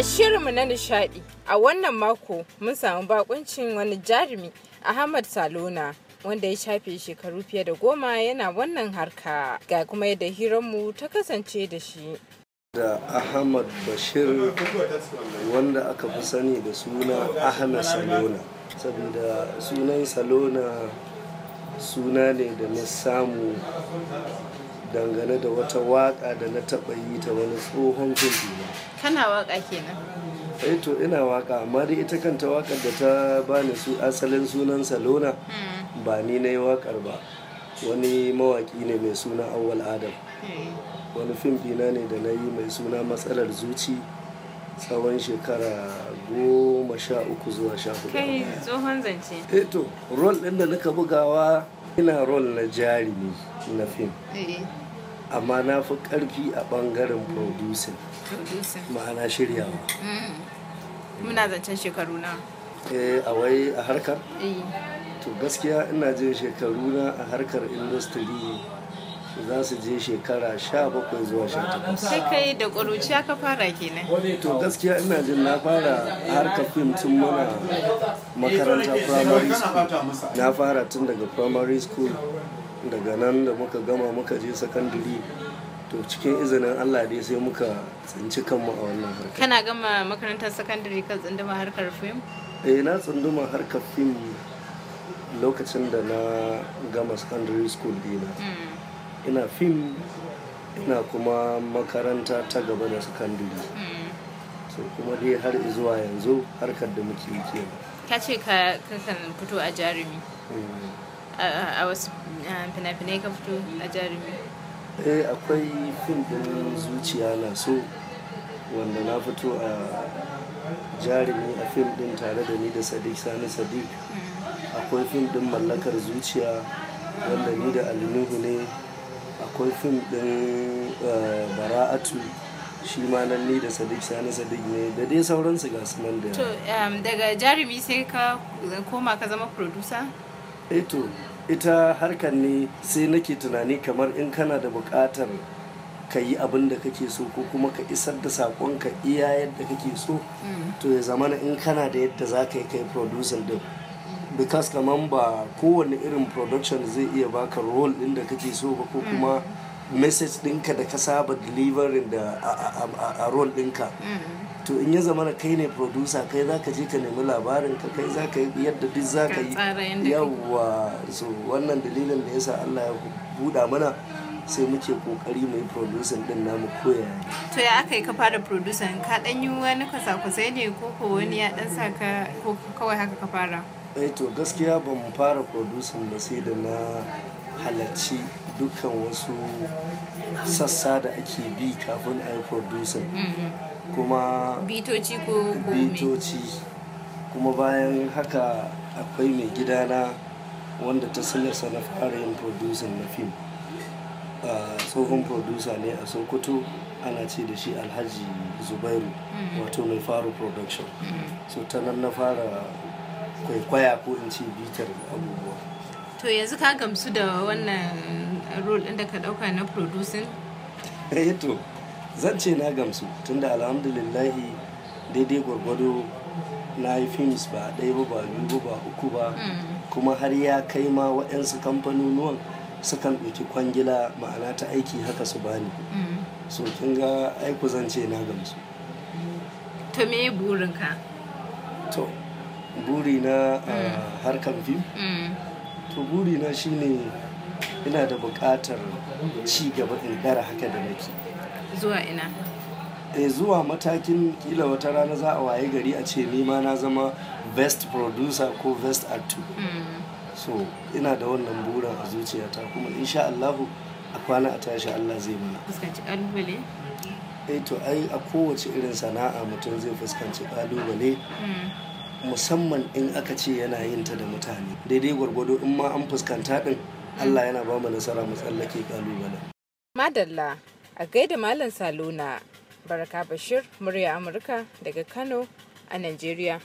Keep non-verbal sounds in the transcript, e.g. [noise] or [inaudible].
A shirinmu na nishadi a wannan mako mun samu bakuncin wani jarumi Ahmad Salona wanda ya shafe shekaru fiye da goma yana wannan harka ga kuma yadda hiranmu ta kasance da shi. Da Ahmad Bashir wanda aka fi sani da suna Ahana Salona saboda sunan Salona suna ne da na samu dangane da wata waka da na taba yi ta wani tsohon fim kana waka kenan eh to ina waka amma dai ita kanta wakar da ta bani su asalin sunan salona hmm. ba ni na yi wakar ba wani mawaki ne mai suna awwal adam hmm. wani fim ɗina ne da na yi mai suna matsalar zuci tsawon shekara goma sha uku zuwa sha hudu kai tsohon zance eh to rol ɗin da naka bugawa ina rol na jari ne na fim eh. amma na fi karfi a bangaren producer ma'ana shiryawa mm. muna zancen shekaru na eh, a wai a harkar eh. to gaskiya ina jin shekaru na a harkar industry za su je shekara sha bakwai zuwa sha takwas. Sai kai da ƙuruciya ka fara kenan. To gaskiya ina jin na fara harkar fim tun muna makaranta primary school. Na fara tun daga primary school daga nan da muka gama muka je secondary to cikin izinin Allah dai sai muka tsinci kanmu a wannan harkar. Kana gama makarantar secondary ka tsunduma harkar fim? Eh na tsunduma harkar fim lokacin da na gama secondary school dina. Mm. ina fim ina kuma makaranta ta gaba da sakandare mm. so kuma dai har zuwa yanzu harkar da muke yi kenan ka ce ka kan fito a jarumi mm. a wasu fina-finai ka fito a jarumi eh akwai fim din zuciya na so wanda na fito a jarumi a fim din tare da ni da sadiq sani sadiq mm. akwai fim din mallakar zuciya wanda ni da alinuhu ne akwai fim ɗin eh, bara'atu shi ma nan ni da sadiq sani sadiq ne da dai sauransu ga su nan da to daga jarumi sai ka koma ka zama producer eh to ita harkar ne sai nake tunani kamar in kana da bukatar ka yi abin da kake so ko kuma ka isar da ka iya yadda kake so mm. to ya zamana in kana da yadda za ka yi kai producer din because kaman ba kowane irin production zai iya baka role din da kake so ba ko mm. kuma message dinka da ka saba delivering da a role dinka mm. to in ya zama kai ne producer kai za ka je ka nemi labarin ka kai za ka yi yadda duk za ka yi yawwa so wannan dalilin da yasa Allah ya buɗa mana sai muke kokari mai producer din namu koya to ya aka yi ka fara producer ka danyi yi wani kwasa-kwasai ne ko ko wani ya ɗan sa ko kawai haka ka fara eh to gaskiya ba mu fara producing ba sai da na halarci dukkan wasu sassa da ake bi kafin a yi producing mm-hmm. kuma bitoci ko bitoci kuma bayan haka akwai mai gidana wanda ta sanya na fara yin producing na fim ah, tsohon producer ne a sokoto ana ce da shi alhaji zubairu mm-hmm. wato mai faru production mm-hmm. so ta na fara kwaikwaya ko in ce bitar abubuwa to yanzu ka gamsu da wannan role ɗin da ka ɗauka na producing [laughs] eh to zan ce na gamsu tunda alhamdulillahi daidai gwargwado na yi films ba ɗaya ba ba biyu ba uku ba mm. kuma har ya kai ma waɗansu kamfanonuwan sukan ɗauki kwangila ma'ana ta aiki haka su bani mm. so kin ga aiku zan ce na gamsu to me burinka to buri na mm. harkar fim mm. to buri na shine ina da bukatar ci gaba in ɗara haka da nake zuwa ina e zuwa matakin kila wata rana za a waye gari a ce nima na zama best producer ko best actor mm. so ina da wannan burin a zuciyata kuma insha Allahu a kwana a tashi Allah zai mana fuskanci kalubale eh to ai a kowace irin sana'a mutum zai fuskanci kalubale musamman in aka ce yana yin ta da mutane daidai gwargwado in ma an fuskanta din Allah yana ba mu nasara mu tsallake kalubale Madalla a gaida Malam Salona Baraka Bashir murya Amurka daga Kano a Najeriya.